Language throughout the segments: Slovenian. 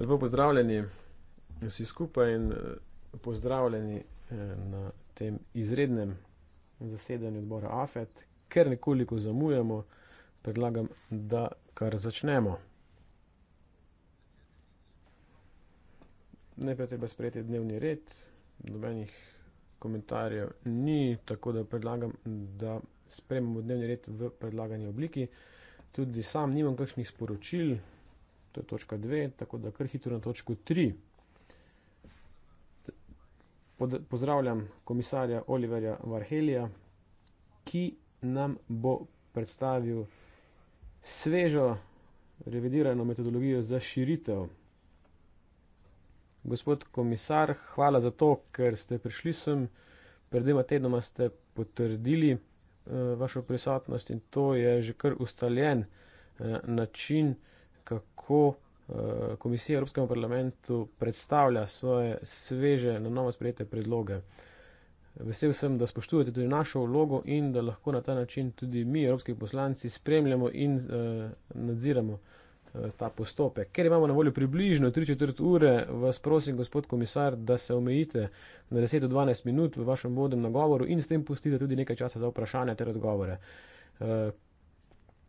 Lepo pozdravljeni vsi skupaj in eh, pozdravljeni eh, na tem izrednem zasedanju odbora AFET. Ker nekoliko zamujamo, predlagam, da kar začnemo. Najprej treba sprejeti dnevni red, nobenih komentarjev ni, tako da predlagam, da sprememo dnevni red v predlagani obliki. Tudi sam nimam kakšnih sporočil, to je točka 2, tako da kar hitro na točko 3. Pozdravljam komisarja Oliverja Varhelija, ki nam bo predstavil svežo revidirano metodologijo za širitev. Gospod komisar, hvala za to, ker ste prišli sem. Pred dvema tednoma ste potrdili eh, vašo prisotnost in to je že kar ustaljen eh, način kako eh, komisija Evropskemu parlamentu predstavlja svoje sveže na novo sprejete predloge. Vesel sem, da spoštujete tudi našo vlogo in da lahko na ta način tudi mi, evropski poslanci, spremljamo in eh, nadziramo eh, ta postopek. Ker imamo na voljo približno 3-4 ure, vas prosim, gospod komisar, da se omejite na 10-12 minut v vašem vodnem nagovoru in s tem pustite tudi nekaj časa za vprašanja ter odgovore. Eh,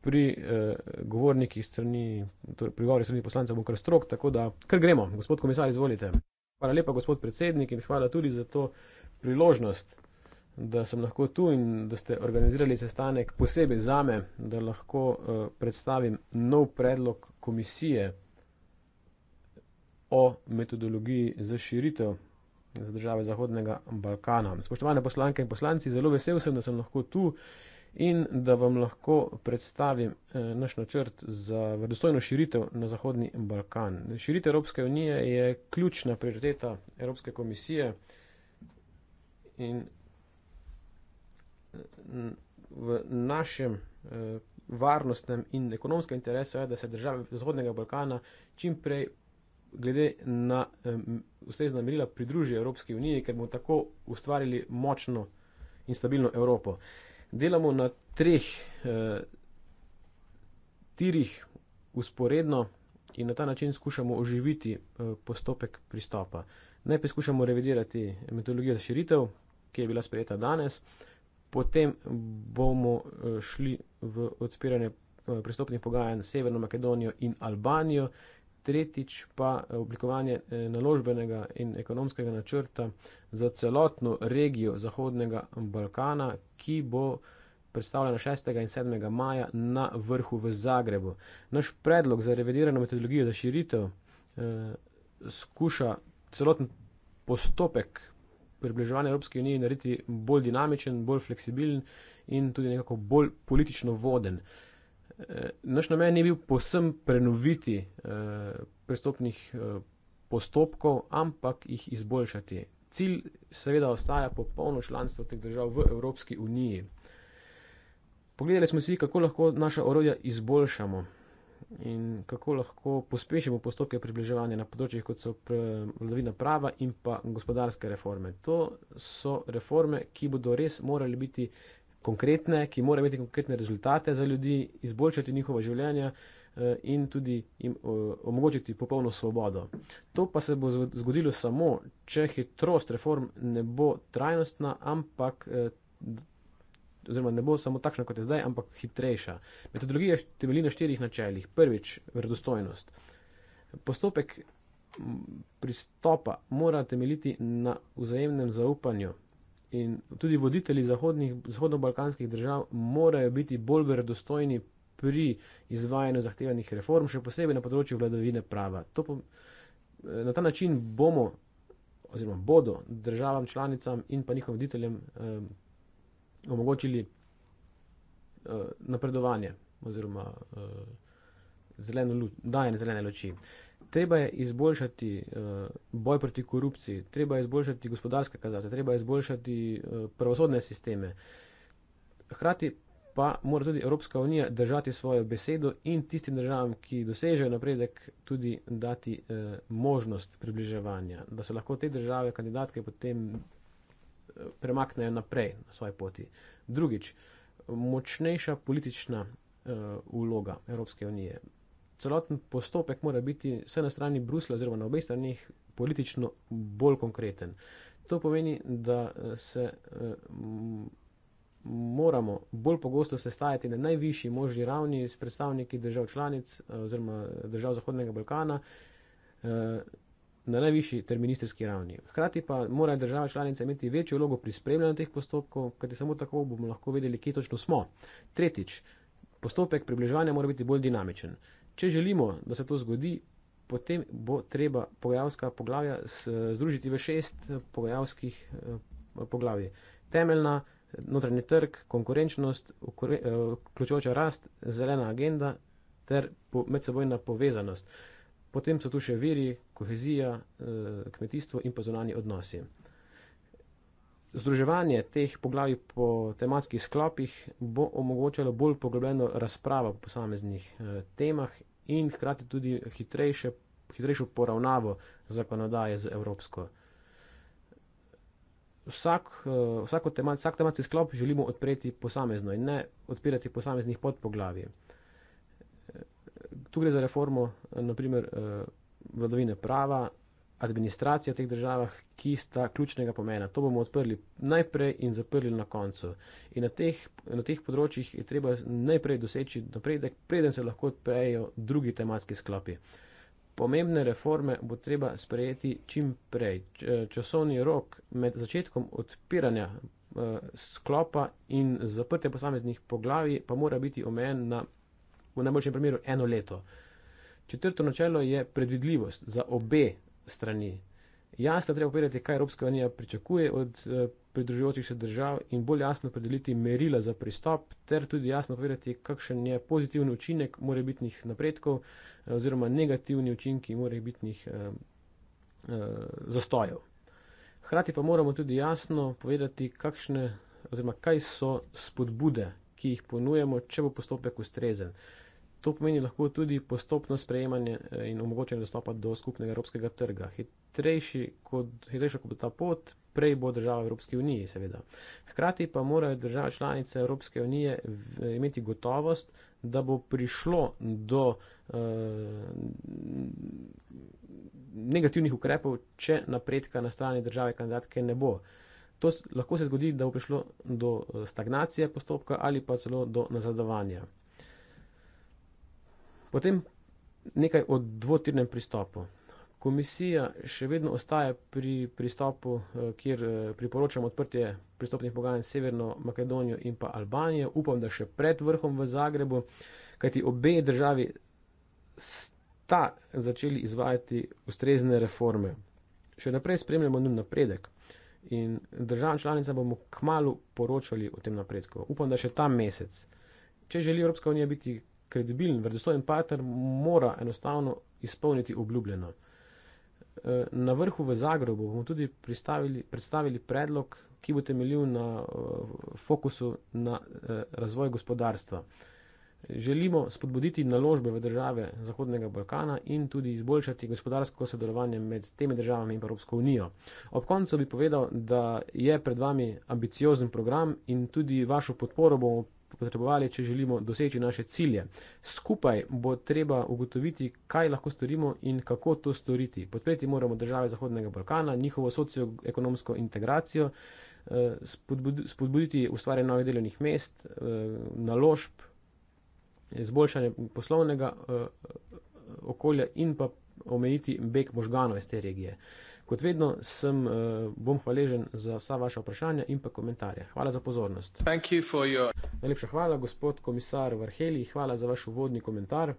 pri eh, govornikih strani, torej pri govori strani poslancev bom kar strok, tako da kar gremo. Gospod komisar, izvolite. Hvala lepa, gospod predsednik, in hvala tudi za to priložnost, da sem lahko tu in da ste organizirali sestanek posebej zame, da lahko eh, predstavim nov predlog komisije o metodologiji za širitev za države Zahodnega Balkana. Spoštovane poslanke in poslanci, zelo vesel sem, da sem lahko tu in da vam lahko predstavim eh, naš načrt za verodostojno širitev na Zahodni Balkan. Širitev Evropske unije je ključna prioriteta Evropske komisije in eh, v našem eh, varnostnem in ekonomskem interesu je, da se države Zahodnega Balkana čim prej glede na ustrezna merila pridružijo Evropski uniji, ker bomo tako ustvarili močno in stabilno Evropo delamo na treh eh, tirih usporedno in na ta način skušamo oživiti eh, postopek pristopa. Najprej skušamo revidirati metodologijo za širitev, ki je bila sprejeta danes, potem bomo eh, šli v odpiranje eh, pristopnih pogajanj s Severno Makedonijo in Albanijo tretjič pa eh, oblikovanje eh, naložbenega in ekonomskega načrta za celotno regijo Zahodnega Balkana, ki bo predstavljena 6. in 7. maja na vrhu v Zagrebu. Naš predlog za revidirano metodologijo za širitev eh, skuša celoten postopek približevanja Evropske unije narediti bolj dinamičen, bolj fleksibilen in tudi nekako bolj politično voden. Eh, Eh, naš namen je bil posem prenoviti eh, pristopnih eh, postopkov, ampak jih izboljšati. Cilj seveda ostaja popolno članstvo teh držav v Evropski uniji. Pogledali smo si, kako lahko naša orodja izboljšamo in kako lahko pospešimo postopke približevanja na področjih, kot so vladavina prava in pa gospodarske reforme. To so reforme, ki bodo res morali biti konkretne, ki morajo imeti konkretne rezultate za ljudi, izboljšati njihova življenja eh, in tudi jim eh, omogočiti popolno svobodo. To pa se bo zgodilo samo, če hitrost reform ne bo trajnostna, ampak, eh, oziroma ne bo samo takšna, kot je zdaj, ampak hitrejša. Metodologija temelji na štirih načeljih. Prvič, verodostojnost. Postopek pristopa mora temeljiti na vzajemnem zaupanju, In tudi voditelji zahodno-balkanskih držav morajo biti bolj verodostojni pri izvajanju zahtevanih reform, še posebej na področju vladavine prava. Po, eh, na ta način bomo, oziroma bodo državam, članicam in pa njihovim voditeljem eh, omogočili eh, napredovanje oziroma eh, zeleno luč, dajanje zelene luči. Eh, treba je izboljšati uh, boj proti korupciji, treba je izboljšati gospodarske kazate, treba je izboljšati uh, pravosodne sisteme. Hrati pa mora tudi Evropska unija držati svojo besedo in tistim državam, ki dosežejo napredek, tudi dati uh, možnost približevanja, da se lahko te države, kandidatke potem premaknejo naprej na svoji poti. Drugič, močnejša politična uh, vloga Evropske unije celoten postopek mora biti vse na strani Brusla, oziroma na obeh stranih, politično bolj konkreten. To pomeni, da eh, se eh, moramo bolj pogosto sestajati na najvišji možni ravni s predstavniki držav članic eh, oziroma držav Zahodnega Balkana na najvišji terministerski ravni. Hkrati pa morajo države članice imeti večjo vlogo pri spremljanju teh postopkov, kajti samo tako bomo lahko vedeli, kje točno smo. Tretjič, postopek približevanja mora biti bolj dinamičen. Če želimo, da se to zgodi, potem bo treba pogajalska poglavja združiti v šest eh, pogajalskih eh, poglavij. Temeljna, notranji trg, konkurenčnost, eh, vključujoča rast, zelena agenda ter medsebojna povezanost. Potem so tu še viri, kohezija, kmetijstvo in pa zunani odnosi. Združevanje teh poglavij po tematskih sklopih bo omogočalo bolj poglobljeno razpravo po posameznih temah in hkrati tudi hitrejše, hitrejšo poravnavo zakonodaje z evropsko. Vsak, eh, tema, vsak tematski sklop želimo odpreti posamezno in ne odpirati posameznih podpoglavij. Tu gre za reformo, naprimer, eh, vladovine prava, administracijo v teh državah, ki sta ključnega pomena. To bomo odprli najprej in zaprli na koncu. In na teh, na teh področjih je treba najprej doseči napredek, preden se lahko odprejo drugi tematski sklopi. Pomembne reforme bo treba sprejeti čim prej. Eh, časovni rok med začetkom odpiranja eh, sklopa in zaprte posameznih poglavij pa mora biti omejen na v najboljšem primeru eno leto. Četrto načelo je predvidljivost za obe strani. Jasno, treba povedati, kaj Evropska unija pričakuje od eh, pridružujočih se držav in bolj jasno predeliti merila za pristop, ter tudi jasno povedati, kakšen je pozitiven učinek morebitnih napredkov eh, oziroma negativni učinki morebitnih eh, zastojev. Hrati pa moramo tudi jasno povedati, kakšne, oziroma kaj so spodbude, ki jih ponujemo, če bo postopek ustrezen. To pomeni lahko tudi postopno sprejemanje eh, in omogočanje dostopa do skupnega evropskega trga. Hitrejši kot, hitrejša kot bo ta pot, prej bo država Evropske unije, seveda. Hkrati pa morajo države članice Evropske unije imeti gotovost, da bo prišlo do uh, negativnih ukrepov, če napredka na strani države kandidatke ne bo. To lahko se zgodi, da bo prišlo do eh, stagnacije postopka ali pa celo do nazadovanja. Potem nekaj o dvotirnem pristopu. Komisija še vedno ostaje pri pristopu, eh, kjer eh, priporočam odprtje pristopnih pogajanj Severno Makedonijo in pa Albanijo. Upam, da še pred vrhom v Zagrebu, kajti obe državi sta začeli izvajati ustrezne reforme. Še naprej spremljamo njen napredek in državam članicam bomo kmalo poročali o tem napredku. Upam, da še ta mesec. Če želi Evropska unija biti kredibilen, verdostojen partner mora enostavno izpolniti obljubljeno. E, na vrhu v Zagrebu bomo tudi predstavili predlog, ki bo temeljil na e, fokusu na e, razvoj gospodarstva. Želimo spodbuditi naložbe v države Zahodnega Balkana in tudi izboljšati gospodarsko sodelovanje med temi državami in Evropsko unijo. Ob koncu bi povedal, da je pred vami ambiciozen program in tudi vašo podporo bomo potrebovali, če želimo doseči naše cilje. Skupaj bo treba ugotoviti, kaj lahko storimo in kako to storiti. Podpreti moramo države Zahodnega Balkana, njihovo socioekonomsko integracijo, eh, spodbuditi ustvarjanje novih delovnih mest, eh, naložb, izboljšanje poslovnega eh, okolja in pa omejiti beg možganov iz te regije. Uh, Kot vedno sem, eh, bom hvaležen za vsa vaša vprašanja in pa komentarje. Hvala za pozornost. Your... Najlepša hvala, gospod komisar Varheli, hvala za vaš uvodni komentar.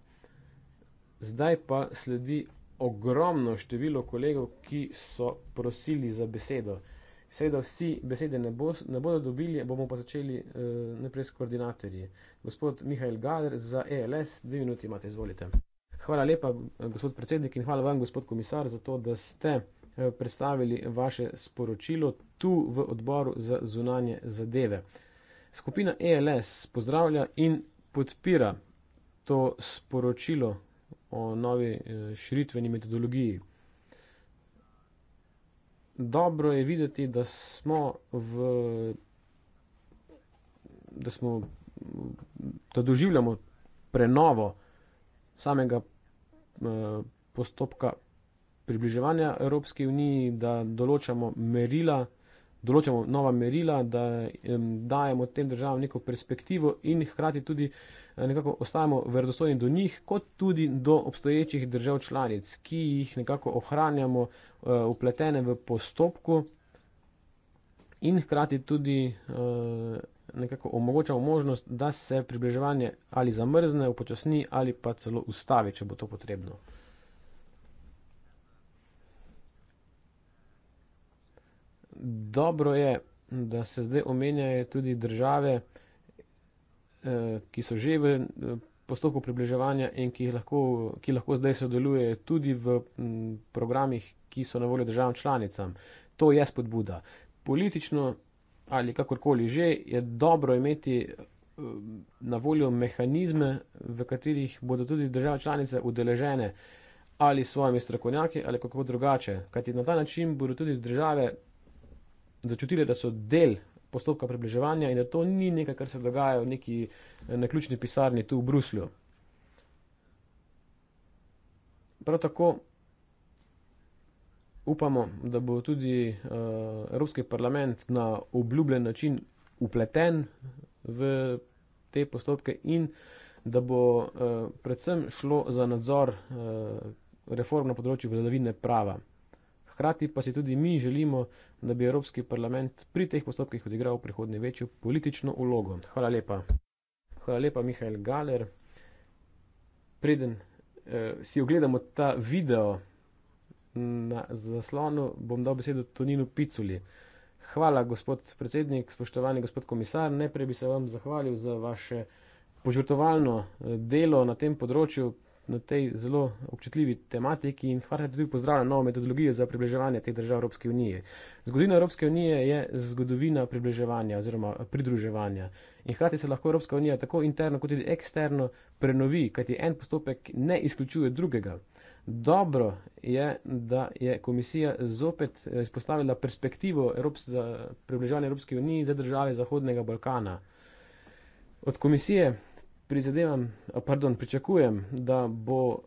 Zdaj pa sledi ogromno število kolegov, ki so prosili za besedo. Seveda vsi besede ne, bo, ne bodo dobili, bomo pa začeli uh, najprej s koordinatorji. Gospod Mihajl Gader za ELS, dve minuti imate, izvolite. Hvala lepa, gospod predsednik, in hvala vam, gospod komisar, za to, da ste Eh, predstavili vaše sporočilo tu v odboru za zunanje zadeve. Skupina ELS pozdravlja in podpira to sporočilo o novi eh, širitveni metodologiji. Dobro je videti, da smo v, da smo, da doživljamo prenovo samega eh, postopka približevanja Evropski uniji, da določamo merila, določamo nova merila, da um, dajemo tem državam neko perspektivo in hkrati tudi eh, nekako ostajamo verodostojni do njih, kot tudi do obstoječih držav članic, ki jih nekako ohranjamo uh, eh, upletene v postopku in hkrati tudi. Uh, Nekako omogoča možnost, da se približevanje ali zamrzne, upočasni ali pa celo ustavi, če bo to potrebno. dobro je, da se zdaj omenjajo tudi države, eh, ki so že v eh, postopku približevanja in ki lahko, ki lahko zdaj sodelujejo tudi v programih, ki so na voljo državam članicam. To je spodbuda. Politično ali kakorkoli že je dobro imeti eh, na voljo mehanizme, v katerih bodo tudi države članice udeležene ali s svojimi strokovnjaki ali kako drugače. Kajti na ta način bodo tudi države začutile, da so del postopka približevanja in da to ni nekaj, kar se dogaja v neki neključni pisarni tu v Bruslju. Prav tako upamo, da bo tudi uh, Evropski parlament na obljubljen način upleten v te postopke in da bo uh, predvsem šlo za nadzor uh, reform na področju vladavine prava. Hkrati pa si tudi mi želimo, da bi Evropski parlament pri teh postopkih odigral prihodnje večjo politično ulogo. Hvala lepa. Hvala lepa, Mihajl Galer. Preden eh, si ogledamo ta video na zaslonu, bom dal besedo Toninu Piculi. Hvala, gospod predsednik, spoštovani gospod komisar. Najprej bi se vam zahvalil za vaše požrtovalno eh, delo na tem področju, na tej zelo občutljivi tematiki in hvala tudi pozdravljam novo metodologijo za približevanje teh držav Evropske unije. Zgodovina Evropske unije je zgodovina približevanja oziroma pridruževanja. In hkrati se lahko Evropska unija tako interno kot tudi eksterno prenovi, kajti en postopek ne izključuje drugega. Dobro je, da je komisija zopet eh, izpostavila perspektivo Evrops za približevanje Evropske unije za države Zahodnega Balkana. Od komisije prizadevam, eh, pardon, pričakujem, da bo uh,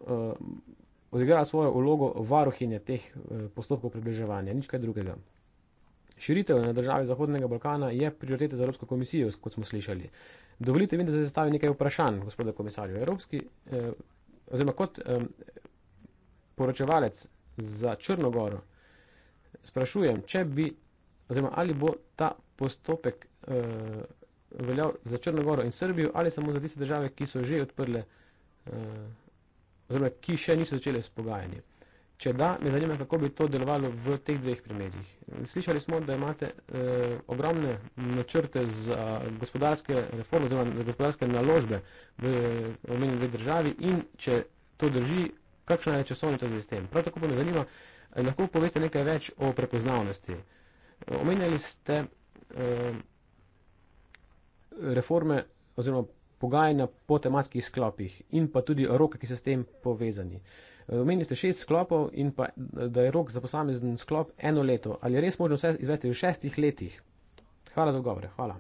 odigrala svojo vlogo varuhinje teh uh, postopkov približevanja, nič kaj drugega. Širitev na državi Zahodnega Balkana je prioriteta za Evropsko komisijo, kot smo slišali. Dovolite mi, da zastavim nekaj vprašanj, gospod komisar. Evropski, eh, oziroma kot eh, poročevalec za Črnogoro, sprašujem, če bi, oziroma ali bo ta postopek. Eh, veljal za Črnogoro in Srbijo ali samo za tiste države, ki so že odprle, eh, oziroma ki še niso začele s pogajanji. Če da, me zanima, kako bi to delovalo v teh dveh primerjih. Slišali smo, da imate eh, ogromne načrte za gospodarske reforme, oziroma za gospodarske naložbe v omenjeni dve državi in če to drži, kakšna je časovnica za tem. Prav tako pa me zanima, eh, lahko poveste nekaj več o prepoznavnosti. Omenjali ste eh, reforme oziroma pogajanja po tematskih sklopih in pa tudi roke, ki so s tem povezani. Eh, omenili ste šest sklopov in pa, eh, da je rok za posamezen sklop eno leto. Ali je res možno vse izvesti v šestih letih? Hvala za odgovore. Hvala.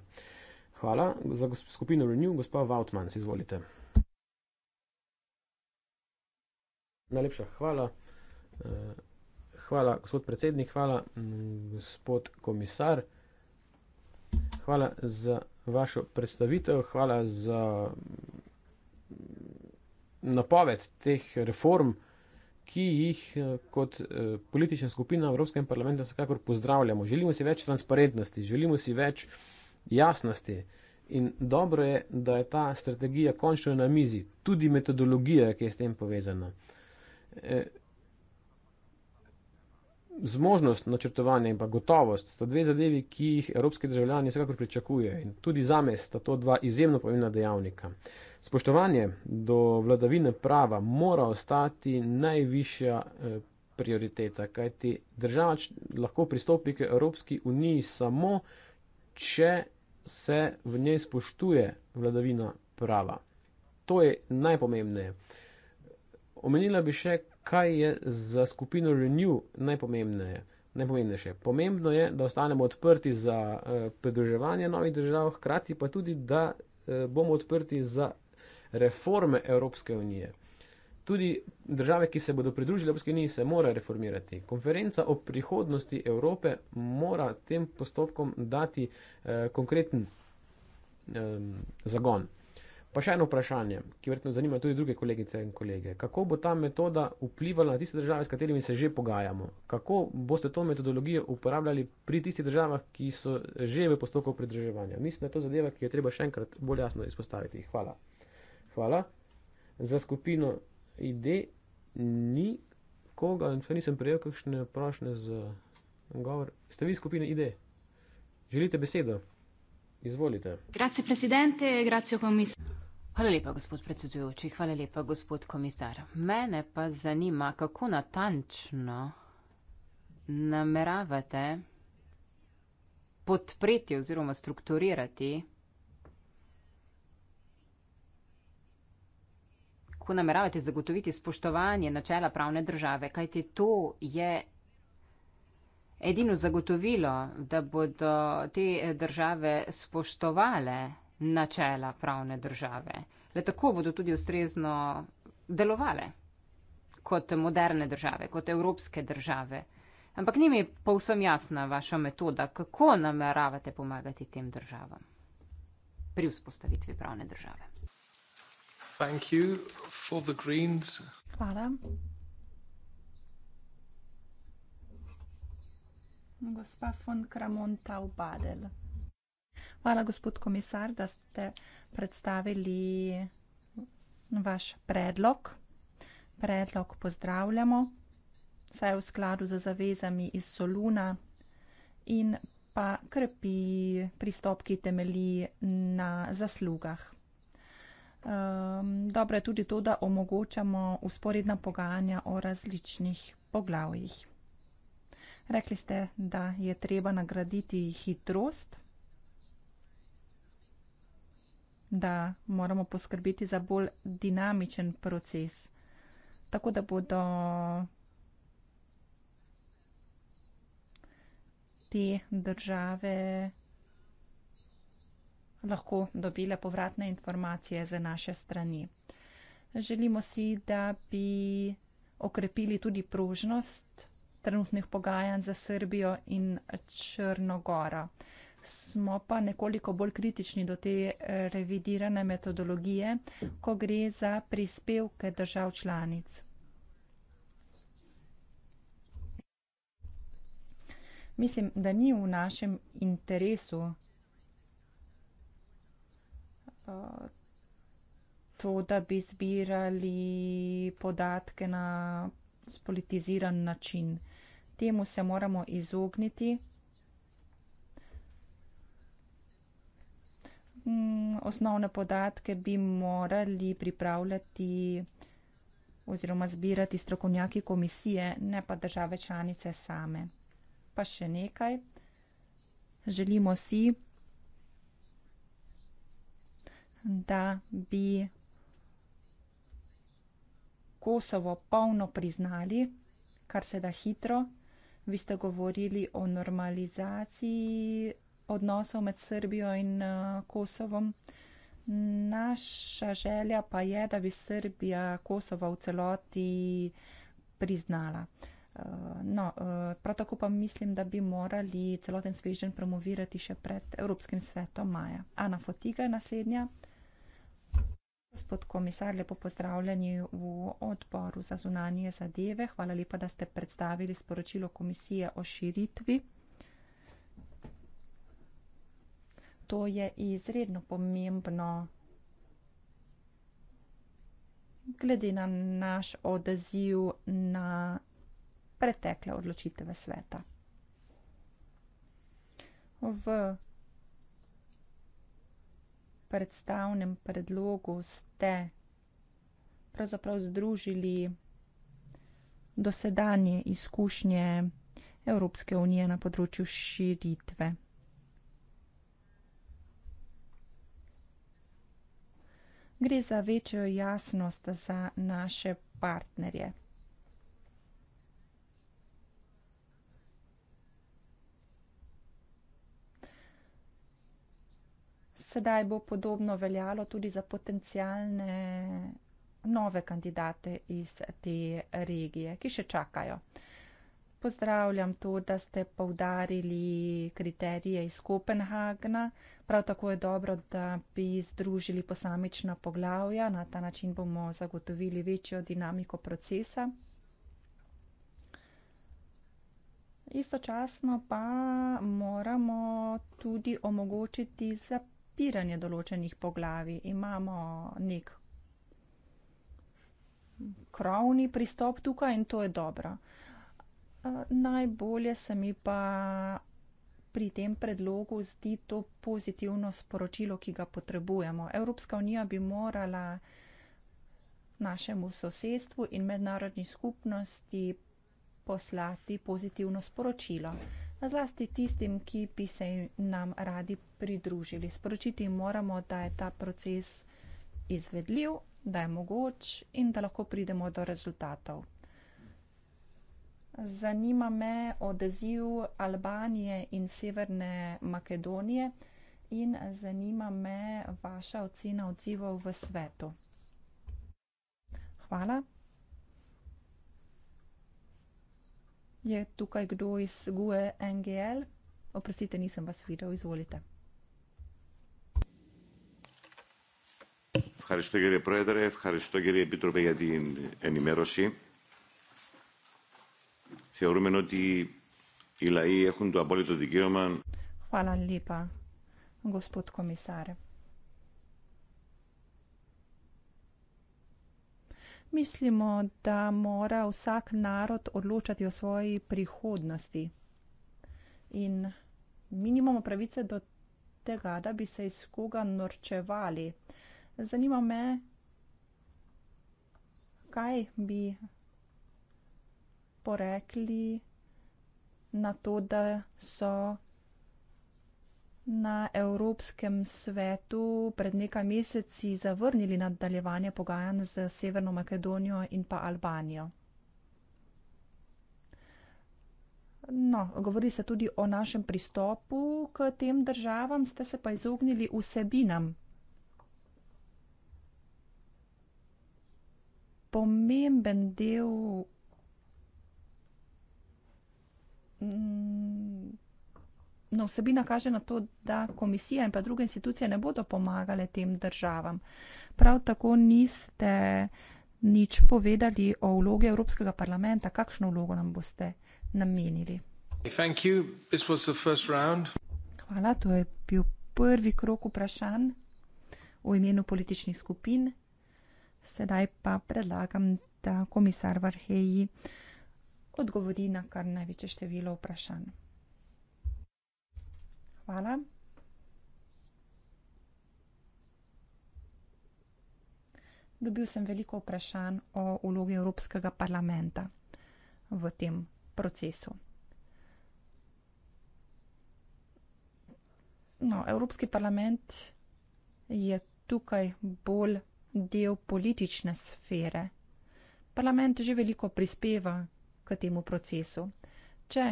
Hvala za skupino Renew, gospod Vautman, izvolite. Najlepša hvala. Eh, hvala, gospod predsednik, hvala, mm, gospod komisar. Hvala za vašo predstavitev, hvala za napoved teh reform, ki jih eh, kot eh, politična skupina v Evropskem parlamentu vsekakor pozdravljamo. Želimo si več transparentnosti, želimo si več jasnosti. In dobro je, da je ta strategija končno na mizi, tudi metodologija, ki je s tem povezana. Eh, zmožnost načrtovanja in pa gotovost sta dve zadevi, ki jih evropski državljani vsekakor pričakujejo. In tudi za me sta to dva izjemno pomembna dejavnika. Spoštovanje do vladavine prava mora ostati najvišja eh, prioriteta, kajti država lahko pristopi k Evropski uniji samo, če se v njej spoštuje vladavina prava. To je najpomembneje. Omenila bi še, kaj je za skupino Renew najpomembneje. Najpomembnejše. Pomembno je, da ostanemo odprti za eh, pridruževanje novih držav, hkrati pa tudi, da eh, bomo odprti za reforme Evropske unije. Tudi države, ki se bodo pridružile Evropske unije, se mora reformirati. Konferenca o prihodnosti Evrope mora tem postopkom dati eh, konkreten eh, zagon. Pa še eno vprašanje, ki verjetno zanima tudi druge kolegice in kolege. Kako bo ta metoda vplivala na tiste države, s katerimi se že pogajamo? Kako boste to metodologijo uporabljali pri tistih državah, ki so že v postopku pridruževanja? Mislim, da je to zadeva, ki jo treba še enkrat bolj jasno izpostaviti. Hvala. Hvala. Za skupino ID ni koga, nisem prejel kakšne vprašanje z govor. Ste vi skupina ID? Želite besedo? Izvolite. Grazie Presidente, grazie Commissario. Hvala lepa, gospod predsedujoči, hvala lepa, gospod komisar. Mene pa zanima, kako natančno nameravate podpreti oziroma strukturirati, kako nameravate zagotoviti spoštovanje načela pravne države, kajti to je edino zagotovilo, da bodo te države spoštovale načela pravne države. Le tako bodo tudi ustrezno delovale kot moderne države, kot evropske države. Ampak ni mi povsem jasna vaša metoda, kako nameravate pomagati tem državam pri vzpostavitvi pravne države. Hvala. Gospa von Kramontau Badel. Hvala, gospod komisar, da ste predstavili vaš predlog. Predlog pozdravljamo, saj je v skladu z zavezami iz Soluna in pa krpi pristop, ki temelji na zaslugah. Um, dobro je tudi to, da omogočamo usporedna pogajanja o različnih poglavjih. Rekli ste, da je treba nagraditi hitrost. da moramo poskrbeti za bolj dinamičen proces, tako da bodo te države lahko dobile povratne informacije za naše strani. Želimo si, da bi okrepili tudi prožnost trenutnih pogajanj za Srbijo in Črnogoro smo pa nekoliko bolj kritični do te eh, revidirane metodologije, ko gre za prispevke držav članic. Mislim, da ni v našem interesu eh, to, da bi zbirali podatke na spolitiziran način. Temu se moramo izogniti. Mm, osnovne podatke bi morali pripravljati oziroma zbirati strokovnjaki komisije, ne pa države članice same. Pa še nekaj. Želimo si, da bi Kosovo polno priznali, kar se da hitro. Vi ste govorili o normalizaciji odnosov med Srbijo in eh, Kosovom. Naša želja pa je, da bi Srbija Kosovo v celoti priznala. Eh, no, eh, prav tako pa mislim, da bi morali celoten svežen promovirati še pred Evropskim svetom maja. Ana Fotiga je naslednja. Gospod komisar, lepo pozdravljeni v odboru za zunanje zadeve. Hvala lepa, da ste predstavili sporočilo komisije o širitvi. To je izredno pomembno glede na naš odziv na pretekle odločitve sveta. V predstavnem predlogu ste pravzaprav združili dosedanje izkušnje Evropske unije na področju širitve. gre za večjo jasnost za naše partnerje. Sedaj bo podobno veljalo tudi za potencijalne nove kandidate iz te regije, ki še čakajo pozdravljam to, da ste povdarili kriterije iz Kopenhagna. Prav tako je dobro, da bi združili posamična poglavja. Na ta način bomo zagotovili večjo dinamiko procesa. Istočasno pa moramo tudi omogočiti zapiranje določenih poglavi. Imamo nek krovni pristop tukaj in to je dobro. Eh, najbolje se mi pa pri tem predlogu zdi to pozitivno sporočilo, ki ga potrebujemo. Evropska unija bi morala našemu sosedstvu in mednarodni skupnosti poslati pozitivno sporočilo. Zlasti tistim, ki bi se nam radi pridružili. Sporočiti moramo, da je ta proces izvedljiv, da je mogoč in da lahko pridemo do rezultatov. Zanima me odziv Albanije in Severne Makedonije in zanima me vaša ocena odzivov v svetu. Hvala. Je tukaj kdo iz GUE NGL? Oprostite, nisem vas videl, izvolite. Ευχαριστώ κύριε Πρόεδρε, ευχαριστώ κύριε Επίτροπε για την ενημέρωση θεωρούμε ότι οι λαοί έχουν το απόλυτο δικαίωμα. Χαλά λίπα, γοσπούτ κομισάρε. Mislimo, da mora vsak narod odločati o svoji prihodnosti. In mi nimamo pravice do tega, da bi se iz koga norčevali. Zanima me, kaj bi porekli na to, da so na Evropskem svetu pred nekaj meseci zavrnili nadaljevanje pogajanj z Severno Makedonijo in pa Albanijo. No, govori se tudi o našem pristopu k tem državam, ste se pa izognili vsebinam. Pomemben del Mm, no, vsebina kaže na to, da komisija in pa druge institucije ne bodo pomagale tem državam. Prav tako niste nič povedali o vloge Evropskega parlamenta, kakšno vlogo nam boste namenili. Hvala, to je bil prvi krok vprašanj v imenu političnih skupin. Sedaj pa predlagam, da komisar Varheji odgovori na kar največje število vprašanj. Hvala. Dobil sem veliko vprašanj o vlogi Evropskega parlamenta v tem procesu. No, Evropski parlament je tukaj bolj del politične sfere. Parlament že veliko prispeva k temu procesu. Če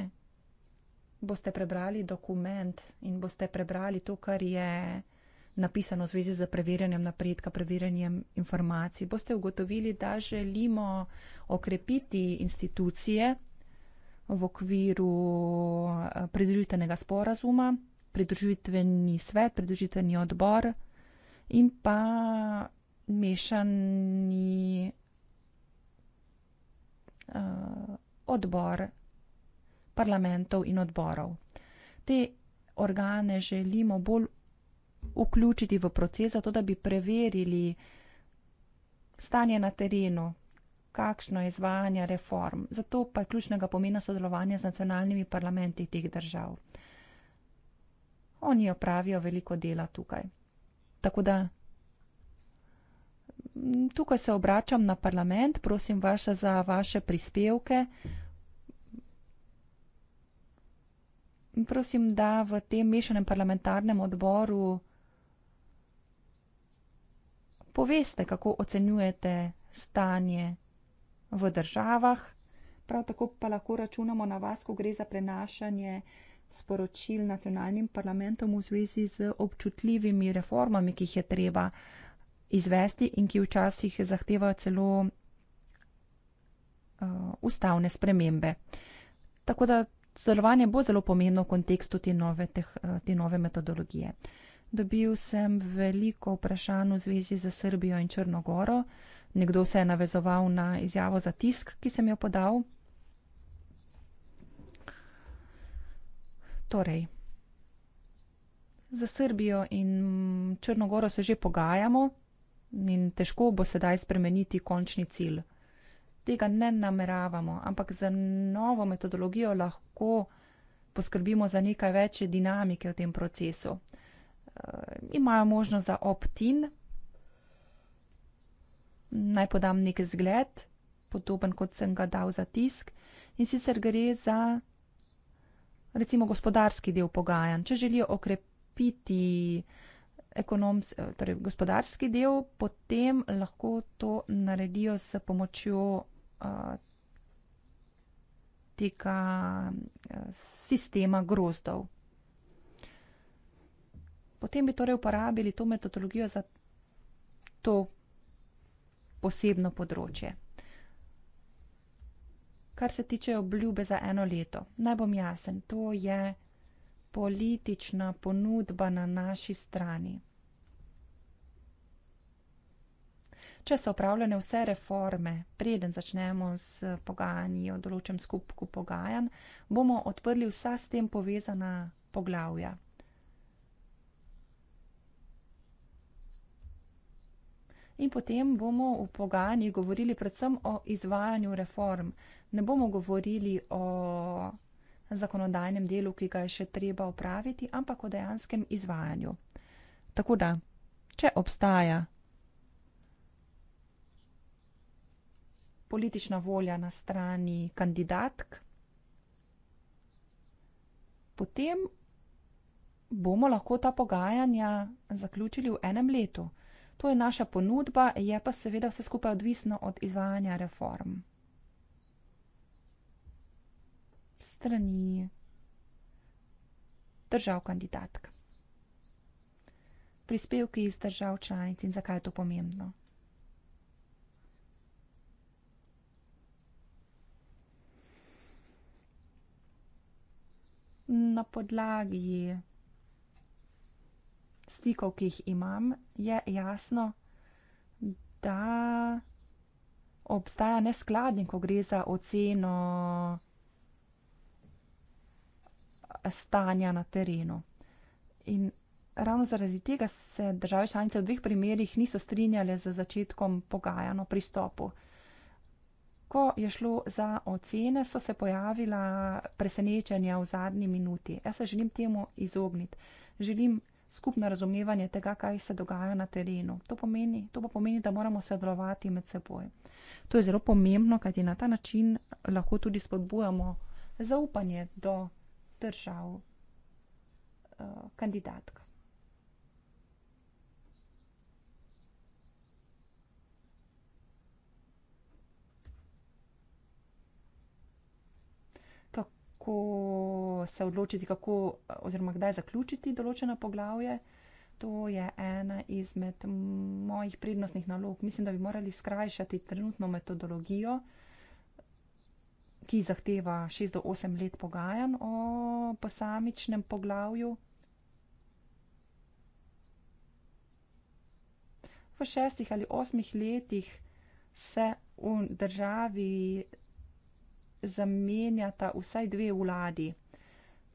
boste prebrali dokument in boste prebrali to, kar je napisano v zvezi z preverjanjem napredka, preverjanjem informacij, boste ugotovili, da želimo okrepiti institucije v okviru eh, pridružitvenega sporazuma, pridružitveni svet, pridružitveni odbor in pa mešani uh, odbor parlamentov in odborov. Te organe želimo bolj vključiti v proces, zato da bi preverili stanje na terenu, kakšno je izvajanje reform. Zato pa je ključnega pomena sodelovanje z nacionalnimi parlamenti teh držav. Oni opravijo veliko dela tukaj. Tako da Tukaj se obračam na parlament, prosim vas za vaše prispevke. Prosim, da v tem mešanem parlamentarnem odboru poveste, kako ocenjujete stanje v državah. Prav tako pa lahko računamo na vas, ko gre za prenašanje sporočil nacionalnim parlamentom v zvezi z občutljivimi reformami, ki jih je treba izvesti in ki včasih zahtevajo celo uh, ustavne spremembe. Tako da sodelovanje bo zelo pomembno v kontekstu te nove, teh, te nove metodologije. Dobil sem veliko vprašanj v zvezi z Srbijo in Črnogoro. Nekdo se je navezoval na izjavo za tisk, ki sem jo podal. Torej, za Srbijo in Črnogoro se že pogajamo, in težko bo sedaj spremeniti končni cilj. Tega ne nameravamo, ampak za novo metodologijo lahko poskrbimo za nekaj večje dinamike v tem procesu. Eh, imajo možnost za opt-in, naj podam nek zgled, podoben kot sem ga dal za tisk, in sicer gre za recimo gospodarski del pogajanj. Če želijo okrepiti ekonoms, torej gospodarski del, potem lahko to naredijo s pomočjo uh, tega uh, sistema grozdov. Potem bi torej uporabili to metodologijo za to posebno področje. Kar se tiče obljube za eno leto, naj bom jasen, to je politična ponudba na naši strani. Če so upravljene vse reforme, preden začnemo s pogajanji o določenem skupku pogajanj, bomo odprli vsa s tem povezana poglavja. In potem bomo v pogajanjih govorili predvsem o izvajanju reform. Ne bomo govorili o zakonodajnem delu, ki ga je še treba opraviti, ampak o dejanskem izvajanju. Tako da, če obstaja politična volja na strani kandidatk, potem bomo lahko ta pogajanja zaključili v enem letu. To je naša ponudba, je pa seveda vse skupaj odvisno od izvajanja reform. strani držav kandidatk. Prispevki iz držav članic in zakaj je to pomembno. Na podlagi stikov, ki jih imam, je jasno, da obstaja neskladnik, ko gre za oceno stanja na terenu. In ravno zaradi tega se države članice v dveh primerjih niso strinjale z začetkom pogajano pristopu. Ko je šlo za ocene, so se pojavila presenečenja v zadnji minuti. Jaz se želim temu izogniti. Želim skupno razumevanje tega, kaj se dogaja na terenu. To, pomeni, to pa pomeni, da moramo sodelovati med seboj. To je zelo pomembno, kajti na ta način lahko tudi spodbujamo zaupanje do držav uh, kandidatk. Kako se odločiti, kako oziroma kdaj zaključiti določeno poglavje, to je ena izmed mojih prednostnih nalog. Mislim, da bi morali skrajšati trenutno metodologijo, uh, ki zahteva 6 do 8 let pogajanj o posamičnem poglavju. V šestih ali osmih letih se v državi zamenjata vsaj dve vladi.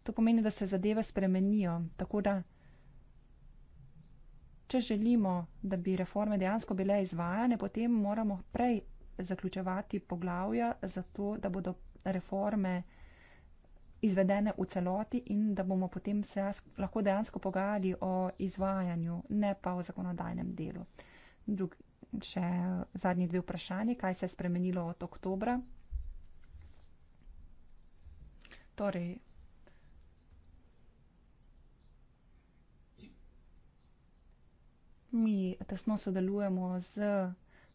To pomeni, da se zadeve spremenijo. Tako da, če želimo, da bi reforme dejansko bile izvajane, potem moramo prej zaključevati poglavja, zato da bodo reforme izvedene v celoti in da bomo potem se lahko dejansko pogajali o izvajanju, ne pa o zakonodajnem delu. Drug, še zadnji dve vprašanje, kaj se je spremenilo od oktobra. Torej, Mi tesno sodelujemo z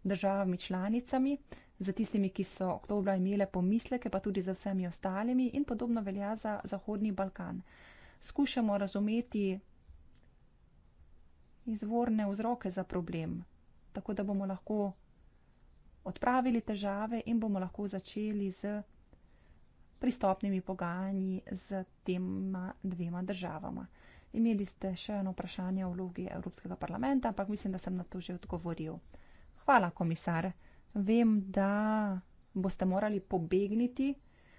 državami članicami, za tistimi, ki so oktobra imele pomisleke, pa tudi za vsemi ostalimi in podobno velja za Zahodni Balkan. Skušamo razumeti izvorne vzroke za problem, tako da bomo lahko odpravili težave in bomo lahko začeli z pristopnimi pogajanji z tema dvema državama. Imeli ste še eno vprašanje o vlogi Evropskega parlamenta, ampak mislim, da sem na to že odgovoril. Hvala, komisar. Vem, da boste morali pobegniti,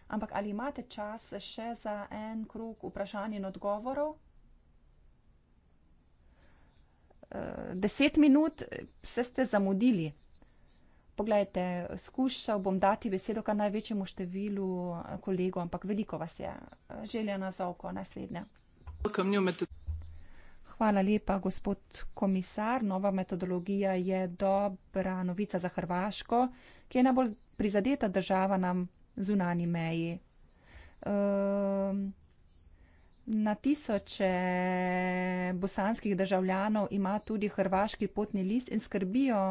ampak ali imate čas še za en krug vprašanj in odgovorov? Eh, deset minut eh, se ste zamudili. Poglejte, skušal bom dati besedo kar največjemu številu eh, kolegov, ampak veliko vas je. Željena za oko naslednja. Welcome, new method. Hvala lepa, gospod komisar. Nova metodologija je dobra novica za Hrvaško, ki je najbolj prizadeta država nam zunani meji. Ehm, na tisoče bosanskih državljanov ima tudi hrvaški potni list in skrbijo,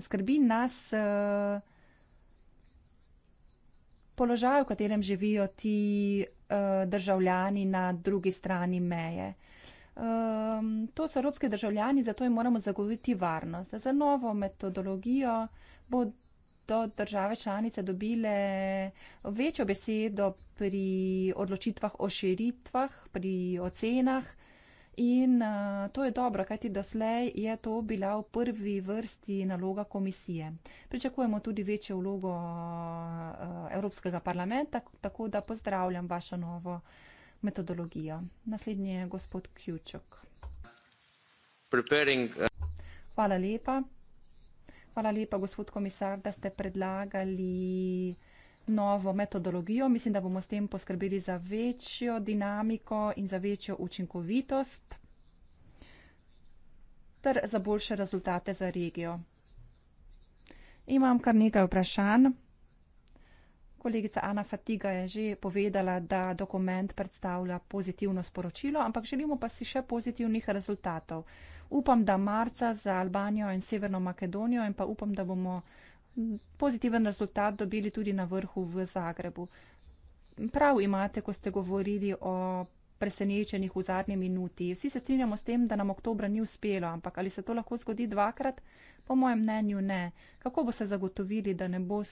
skrbi nas e, položaj, v katerem živijo ti e, državljani na drugi strani meje. Um, to so evropski državljani, zato jim moramo zagoviti varnost. Za novo metodologijo bodo države članice dobile večjo besedo pri odločitvah o širitvah, pri ocenah. In uh, to je dobro, kajti doslej je to bila v prvi vrsti naloga komisije. Pričakujemo tudi večjo vlogo uh, Evropskega parlamenta, tako da pozdravljam vašo novo uh, metodologijo. Naslednji je gospod Kjučok. Uh, Hvala lepa. Hvala lepa, gospod komisar, da ste predlagali novo metodologijo. Mislim, da bomo s tem poskrbeli za večjo dinamiko in za večjo učinkovitost ter za boljše rezultate za regijo. Imam kar nekaj vprašanj kolegica Ana Fatiga je že povedala, da dokument predstavlja pozitivno sporočilo, ampak želimo pa si še pozitivnih rezultatov. Upam, da marca za Albanijo in Severno Makedonijo in pa upam, da bomo pozitiven rezultat dobili tudi na vrhu v Zagrebu. Prav imate, ko ste govorili o presenečenih v zadnji minuti. Vsi se strinjamo s tem, da nam oktobra ni uspelo, ampak ali se to lahko zgodi dvakrat? Po mojem mnenju ne. Kako bo se zagotovili, da ne bo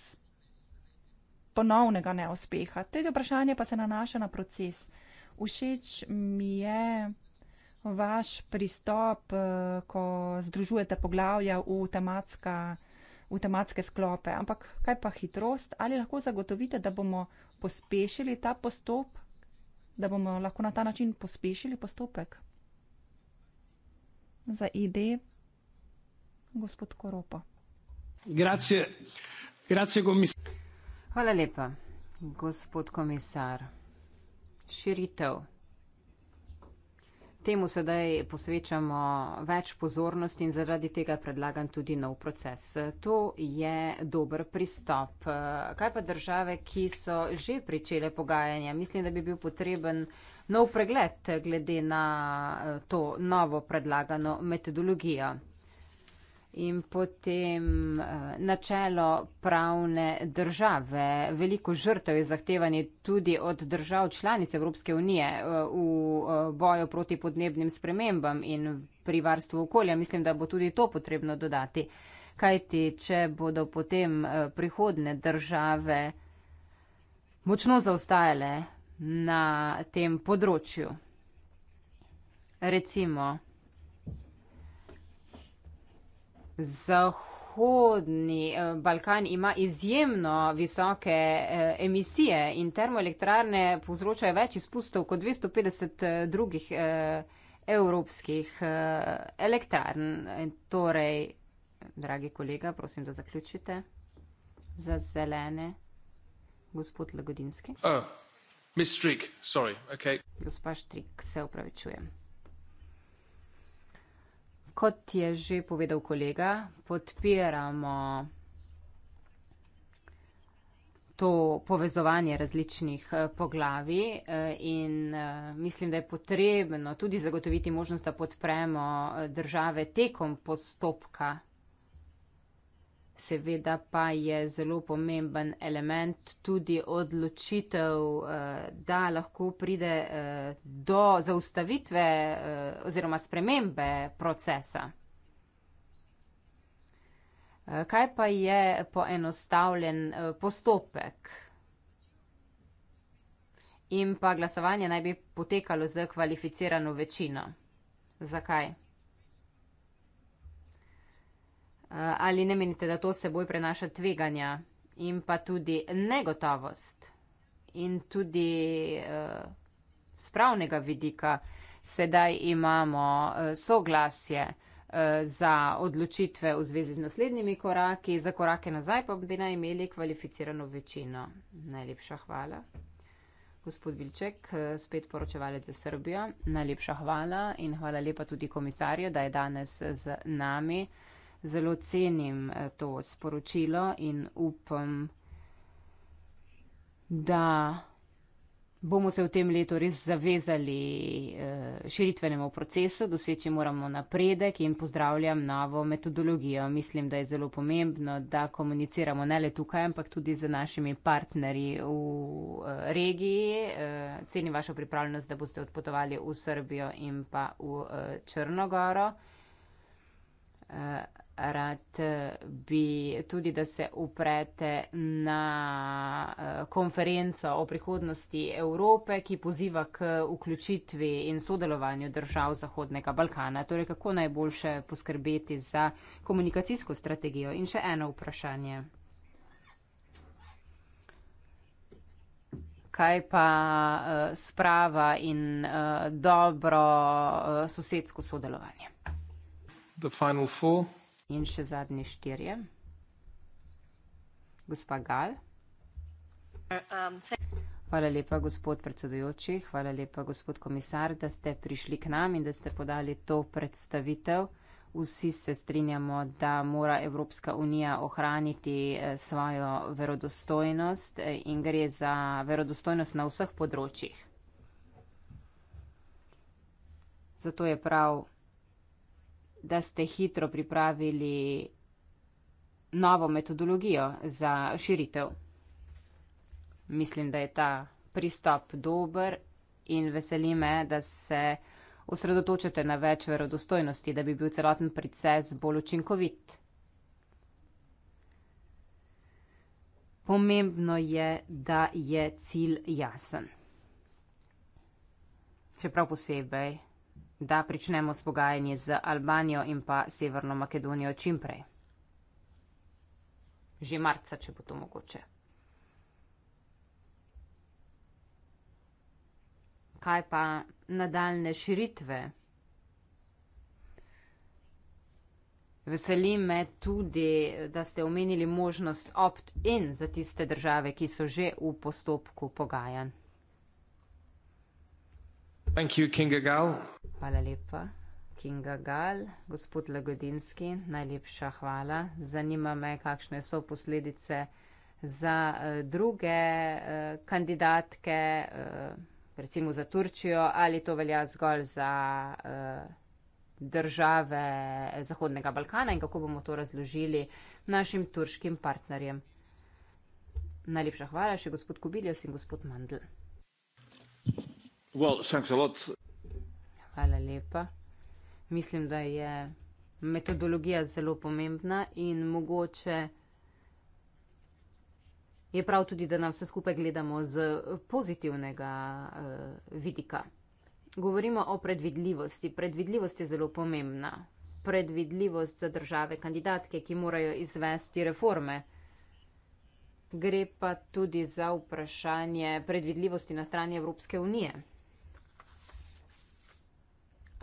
ponovnega neuspeha. Tega vprašanja pa se nanaša na proces. Všeč mi je vaš pristop, eh, ko združujete poglavja v, tematska, v tematske sklope. Ampak kaj pa hitrost? Ali lahko zagotovite, da bomo pospešili ta postop, da bomo lahko na ta način pospešili postopek? Za ID, e gospod Koropa. Grazie. Grazie, komisar. Hvala lepa, gospod komisar. Širitev. Temu sedaj posvečamo več pozornosti in zaradi tega predlagam tudi nov proces. To je dober pristop. Kaj pa države, ki so že pričele pogajanja? Mislim, da bi bil potreben nov pregled glede na eh, to novo predlagano metodologijo in potem eh, načelo pravne države. Veliko žrtev je zahtevani tudi od držav članic Evropske unije eh, v eh, boju proti podnebnim spremembam in pri varstvu okolja. Mislim, da bo tudi to potrebno dodati. Kajti, če bodo potem prihodne države močno zaostajale na tem področju. Recimo, Zahodni eh, Balkan ima izjemno visoke eh, emisije in termoelektrarne povzročajo več izpustov kot 250 eh, drugih evropskih elektrarn. Torej, dragi kolega, prosim, da zaključite za zelene. Gospod Lagodinski. Oh, Miss Strik, sorry, okay. Gospa Strik, se upravičujem kot je že povedal kolega, podpiramo to povezovanje različnih eh, poglavi eh, in eh, mislim, da je potrebno tudi zagotoviti možnost, da podpremo države tekom postopka Seveda pa je zelo pomemben element tudi odločitev, eh, da lahko pride eh, do zaustavitve eh, oziroma spremembe procesa. Kaj pa je poenostavljen postopek? In pa glasovanje naj bi potekalo z kvalificirano večino. Zakaj? Eh, ali ne menite, da to seboj prenaša tveganja in pa tudi negotovost in tudi uh, eh, spravnega vidika? Sedaj imamo uh, soglasje uh, za odločitve v zvezi z naslednjimi koraki, za korake nazaj pa bi naj imeli kvalificirano večino. Najlepša hvala. Gospod Vilček, spet poročevalec za Srbijo, najlepša hvala in hvala lepa tudi komisarju, da je danes z nami zelo cenim eh, to sporočilo in upam, da bomo se v tem letu res zavezali eh, širitvenemu procesu, doseči moramo napredek in pozdravljam novo metodologijo. Mislim, da je zelo pomembno, da komuniciramo ne le tukaj, ampak tudi z našimi partnerji v eh, regiji. Cenim vašo pripravljenost, da boste odpotovali v Srbijo in pa v Črnogoro rad eh, bi tudi, da se uprete na eh, konferenco o prihodnosti Evrope, ki poziva k vključitvi in sodelovanju držav Zahodnega Balkana. Torej, kako najboljše poskrbeti za komunikacijsko strategijo? In še eno vprašanje. Kaj pa eh, sprava in dobro sosedsko sodelovanje? In še zadnji štirje. Gospa Gal. Hvala lepa, gospod predsedujoči, hvala lepa, gospod komisar, da ste prišli k nam in da ste podali to predstavitev. Vsi se strinjamo, da mora Evropska unija ohraniti eh, svojo verodostojnost eh, in gre za verodostojnost na vseh področjih. Zato je prav, da ste hitro pripravili novo metodologijo za širitev. Mislim, da je ta pristop dober in veseli me, da se osredotočate na več verodostojnosti, da bi bil celoten proces bolj učinkovit. Pomembno je, da je cilj jasen. Čeprav posebej da pričnemo s pogajanji z Albanijo in pa Severno Makedonijo čimprej. Že marca, če bo to mogoče. Kaj pa nadaljne širitve? Veseli me tudi, da ste omenili možnost opt-in za tiste države, ki so že v postopku pogajanj. Thank you, King Agal. Hvala lepa. Kinga Gal, gospod Lagodinski, najlepša hvala. Zanima me, kakšne so posledice za eh, druge eh, kandidatke, eh, recimo za Turčijo, ali to velja zgolj za države Zahodnega Balkana in kako bomo to razložili našim turškim partnerjem. Najlepša hvala še gospod Kubiljas in gospod Mandl. Well, thanks a lot. Hvala lepa. Mislim, da je metodologija zelo pomembna in mogoče je prav tudi, da na vse skupaj gledamo z pozitivnega uh, vidika. Govorimo o predvidljivosti. Predvidljivost je zelo pomembna. Predvidljivost za države kandidatke, ki morajo izvesti reforme. Gre pa tudi za vprašanje predvidljivosti na strani Evropske unije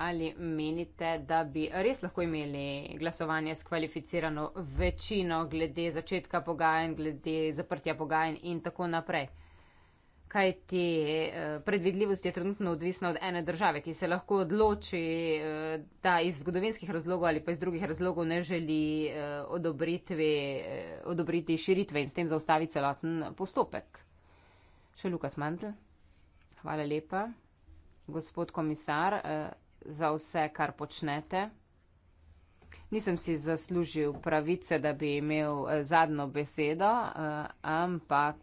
ali menite, da bi res lahko imeli glasovanje s kvalificirano večino glede začetka pogajanj, glede zaprtja pogajanj in tako naprej. Kaj ti eh, predvidljivost je trenutno odvisna od ene države, ki se lahko odloči, eh, da iz zgodovinskih razlogov ali pa iz drugih razlogov ne želi eh, odobriti širitve in s tem zaustaviti celoten postopek. Še Lukas Mantl. Hvala lepa. Gospod komisar, za vse, kar počnete. Nisem si zaslužil pravice, da bi imel eh, zadnjo besedo, eh, ampak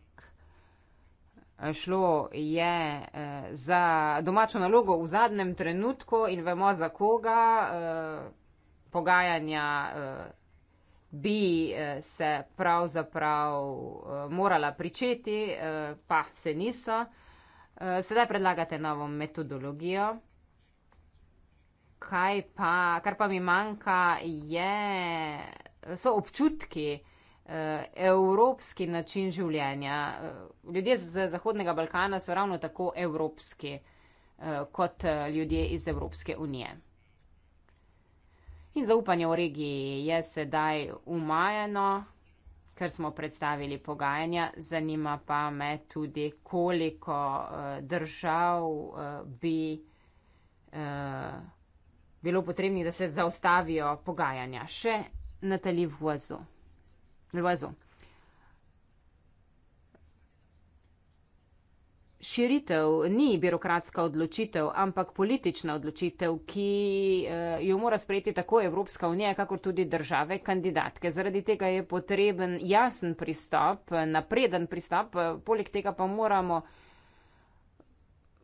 eh, šlo je za domačo nalogo v zadnjem trenutku in vemo za koga pogajanja bi se pravzaprav morala pričeti, pa se niso. Sedaj predlagate novo metodologijo kaj pa, kar pa mi manjka, je, so občutki. Eh, evropski način življenja. Eh, ljudje z Zahodnega Balkana so ravno tako evropski eh, kot ljudje iz Evropske unije. In zaupanje v regiji je sedaj umajeno, ker smo predstavili pogajanja. Zanima pa me tudi, koliko držav bi bilo potrebno, da se zaustavijo pogajanja. Še Natali Vuazo. Širitev ni birokratska odločitev, ampak politična odločitev, ki eh, jo mora sprejeti tako Evropska unija, kakor tudi države kandidatke. Zaradi tega je potreben jasen pristop, napreden pristop, eh, poleg tega pa moramo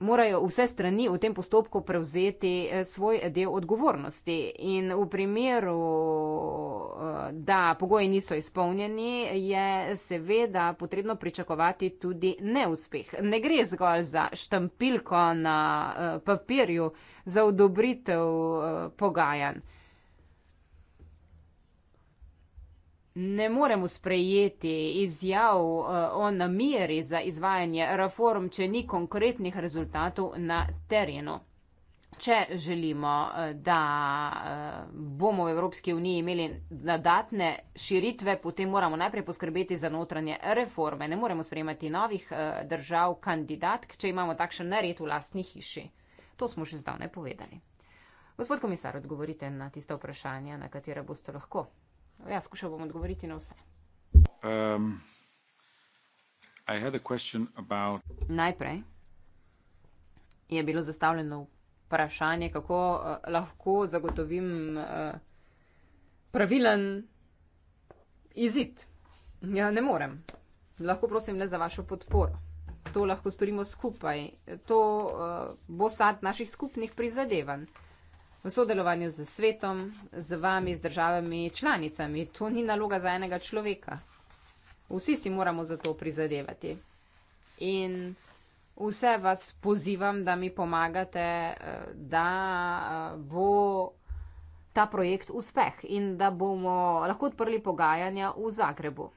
morajo vse strani v tem postopku prevzeti eh, svoj eh, del odgovornosti. In v primeru, eh, da pogoji niso izpolnjeni, je seveda potrebno pričakovati tudi neuspeh. Ne gre zgolj za štampilko na papirju za odobritev pogajanj. ne moremo sprejeti izjav uh, o nameri za izvajanje reform, če ni konkretnih rezultatov na terenu. Če želimo, eh, da eh, bomo v Evropski uniji imeli nadatne širitve, potem moramo najprej poskrbeti za notranje reforme. Ne moremo sprejemati novih držav kandidatk, če imamo takšen nared v lastni hiši. To smo že zdavne povedali. Gospod komisar, odgovorite na tiste vprašanja, na katere boste lahko Ja, skušal bom odgovoriti na vse. Um, I had a about... Najprej je bilo zastavljeno vprašanje, kako uh, lahko zagotovim uh, pravilen izid. Ja, ne morem. Lahko prosim le za vašo podporo. To lahko storimo skupaj. To uh, bo sad naših skupnih prizadevanj v sodelovanju z svetom, z vami, z državami, članicami. To ni naloga za enega človeka. Vsi si moramo za to prizadevati. In vse vas pozivam, da mi pomagate, eh, da eh, bo ta projekt uspeh in da bomo lahko odprli pogajanja v Zagrebu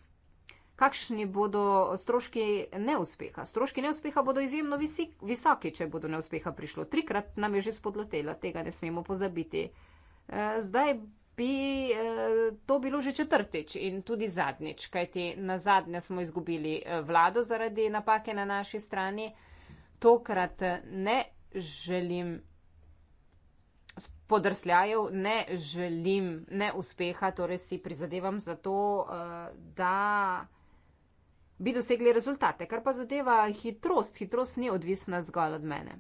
kakšni bodo stroški neuspeha. Stroški neuspeha bodo izjemno visik, visoki, če bodo neuspeha prišlo. Trikrat nam je že spodletelo, tega ne smemo pozabiti. E, zdaj bi e, to bilo že četrtič in tudi zadnjič, kajti na zadnje smo izgubili e, vlado zaradi napake na naši strani. Tokrat ne želim podrsljajev, ne želim neuspeha, torej si prizadevam za to, da bi dosegli rezultate, kar pa zadeva hitrost. Hitrost ni odvisna zgolj od mene.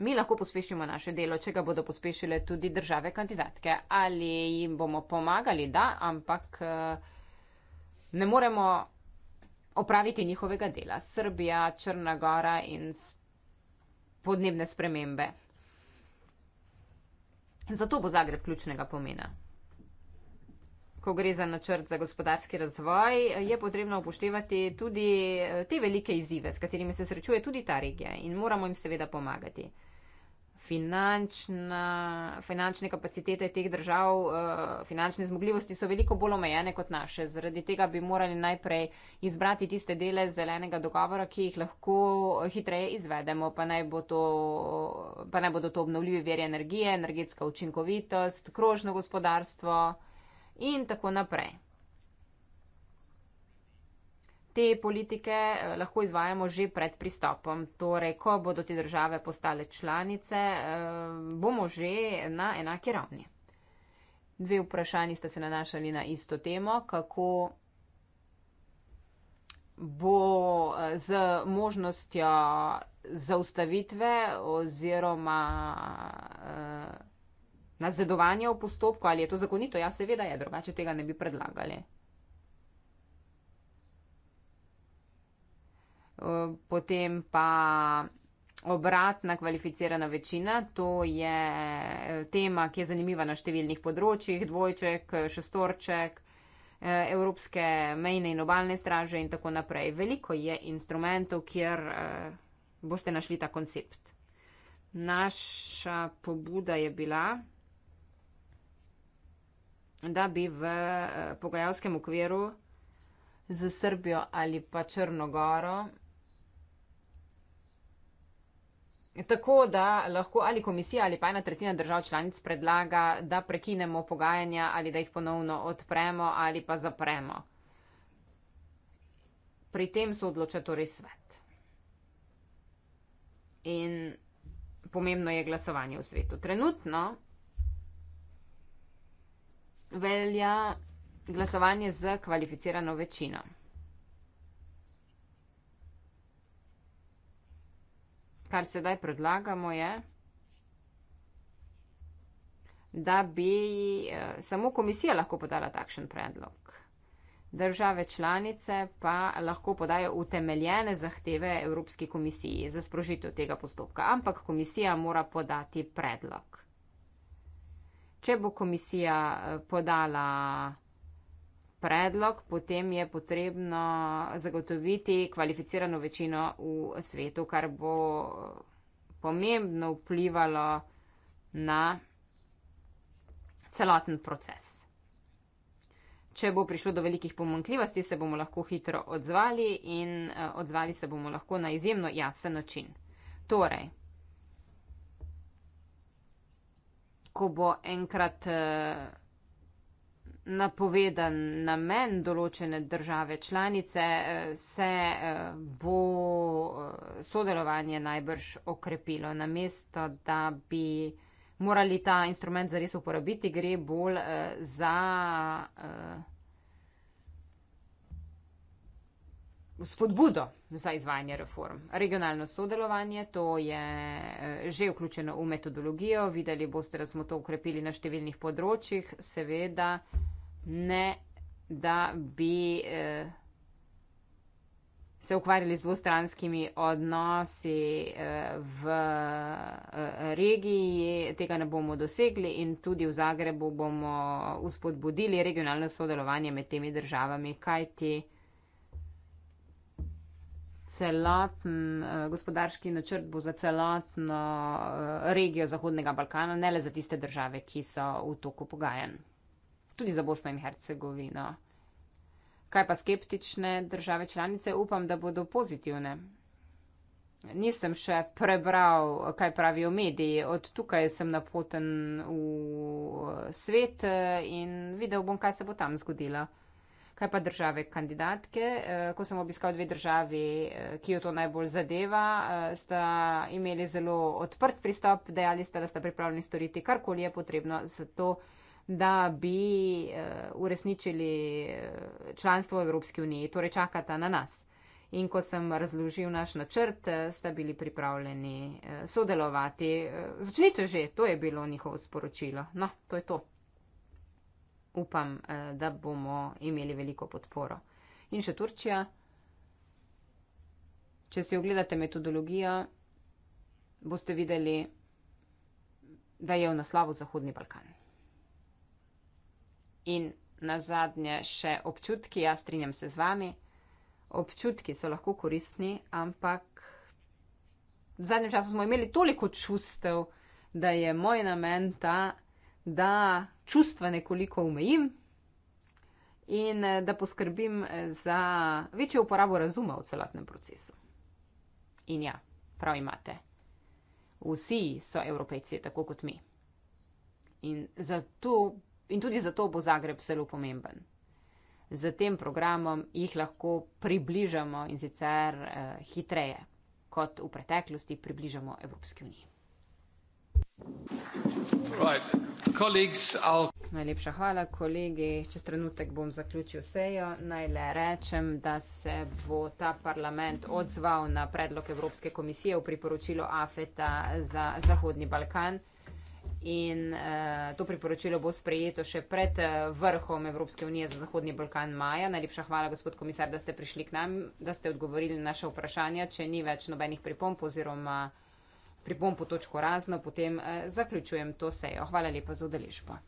Mi lahko pospešimo naše delo, če ga bodo pospešile tudi države kandidatke. Ali jim bomo pomagali, da, ampak eh, ne moremo opraviti njihovega dela. Srbija, Črnagora in podnebne spremembe. Zato bo Zagreb ključnega pomena ko gre za načrt za gospodarski razvoj, je potrebno upoštevati tudi eh, te velike izzive, s katerimi se srečuje tudi ta regija in moramo jim seveda pomagati. Finančna, finančne kapacitete teh držav, eh, finančne zmogljivosti so veliko bolj omejene kot naše. Zaradi tega bi morali najprej izbrati tiste dele zelenega dogovora, ki jih lahko hitreje izvedemo, pa naj, bo to, pa naj bodo to obnovljivi veri energije, energetska učinkovitost, krožno gospodarstvo in tako naprej. Te politike eh, lahko izvajamo že pred pristopom. Torej, ko bodo te države postale članice, eh, bomo že na enaki ravni. Dve vprašanji ste se nanašali na isto temo, kako bo eh, z možnostjo zaustavitve oziroma nazadovanje v postopku, ali je to zakonito, ja seveda je, drugače tega ne bi predlagali. Potem pa obratna kvalificirana večina, to je tema, ki je zanimiva na številnih področjih, dvojček, šestorček, e, evropske mejne in obalne straže in tako naprej. Veliko je instrumentov, kjer e, boste našli ta koncept. Naša pobuda je bila, da bi v eh, pogajalskem okviru za Srbijo ali pa Črnogoro. Tako da lahko ali komisija ali pa ena tretjina držav članic predlaga, da prekinemo pogajanja ali da jih ponovno odpremo ali pa zapremo. Pri tem se odloča torej svet. In pomembno je glasovanje v svetu. Trenutno velja glasovanje z kvalificirano večino. Kar sedaj predlagamo je, da bi eh, samo komisija lahko podala takšen predlog. Države članice pa lahko podajo utemeljene zahteve Evropski komisiji za sprožitev tega postopka, ampak komisija mora podati predlog. Če bo komisija eh, podala predlog, potem je potrebno zagotoviti kvalificirano večino v svetu, kar bo eh, pomembno vplivalo na celoten proces. Če bo prišlo do velikih pomankljivosti, se bomo lahko hitro odzvali in eh, odzvali se bomo lahko na izjemno jasen način. Torej, ko bo enkrat eh, napovedan namen določene države članice, eh, se eh, bo sodelovanje najbrž okrepilo. Na mesto, da bi morali ta instrument zares uporabiti, gre bolj za spodbudo za izvajanje reform. Regionalno sodelovanje, to je eh, že vključeno v metodologijo, videli boste, da smo to ukrepili na številnih področjih, seveda ne, da bi eh, se ukvarjali z dvostranskimi odnosi eh, v regiji, tega ne bomo dosegli in tudi v Zagrebu bomo uspodbudili regionalno sodelovanje med temi državami, kajti celoten uh, gospodarski načrt bo za celotno uh, regijo Zahodnega Balkana, ne le za tiste države, ki so v toku pogajen. Tudi za Bosno in Hercegovino. Kaj pa skeptične države članice, upam, da bodo pozitivne. Nisem še prebral, kaj pravijo mediji. Od tukaj sem napoten v eh, svet in videl bom, kaj se bo tam zgodilo. Kaj pa države kandidatke? Eh, ko sem obiskal dve državi, eh, ki jo to najbolj zadeva, eh, sta imeli zelo odprt pristop, dejali ste, da sta pripravljeni storiti karkoli je potrebno za to, da bi uresničili članstvo v Evropski uniji. Torej čakata na nas. In ko sem razložil naš načrt, sta bili pripravljeni sodelovati. Začnite že, to je bilo njihovo sporočilo. No, to je to upam, eh, da bomo imeli veliko podporo. In še Turčija. Če si ogledate metodologijo, boste videli, da je v naslavu Zahodni Balkan. In na zadnje še občutki, jaz strinjam se z vami. Občutki so lahko koristni, ampak v zadnjem času smo imeli toliko čustev, da je moj namen ta, da čustva nekoliko umejim in eh, da poskrbim eh, za večjo uporabo razuma v celotnem procesu. In ja, prav imate. Vsi so evropejci, tako kot mi. In, zato, in tudi zato bo Zagreb zelo pomemben. Z tem programom jih lahko približamo in sicer eh, hitreje, kot v preteklosti približamo Evropski uniji. Najlepša hvala, kolegi. Čez trenutek bom zaključil sejo. Naj le rečem, da se bo ta parlament odzval na predlog Evropske komisije v priporočilo AFETA za Zahodni Balkan. In uh, to priporočilo bo sprejeto še pred eh, vrhom Evropske unije za Zahodni Balkan maja. Najlepša hvala, gospod komisar, da ste prišli k nam, da ste odgovorili na naše vprašanja, če ni več nobenih pripomp oziroma pripombo točko razno, potem eh, zaključujem to sejo. Hvala lepa za udeležbo.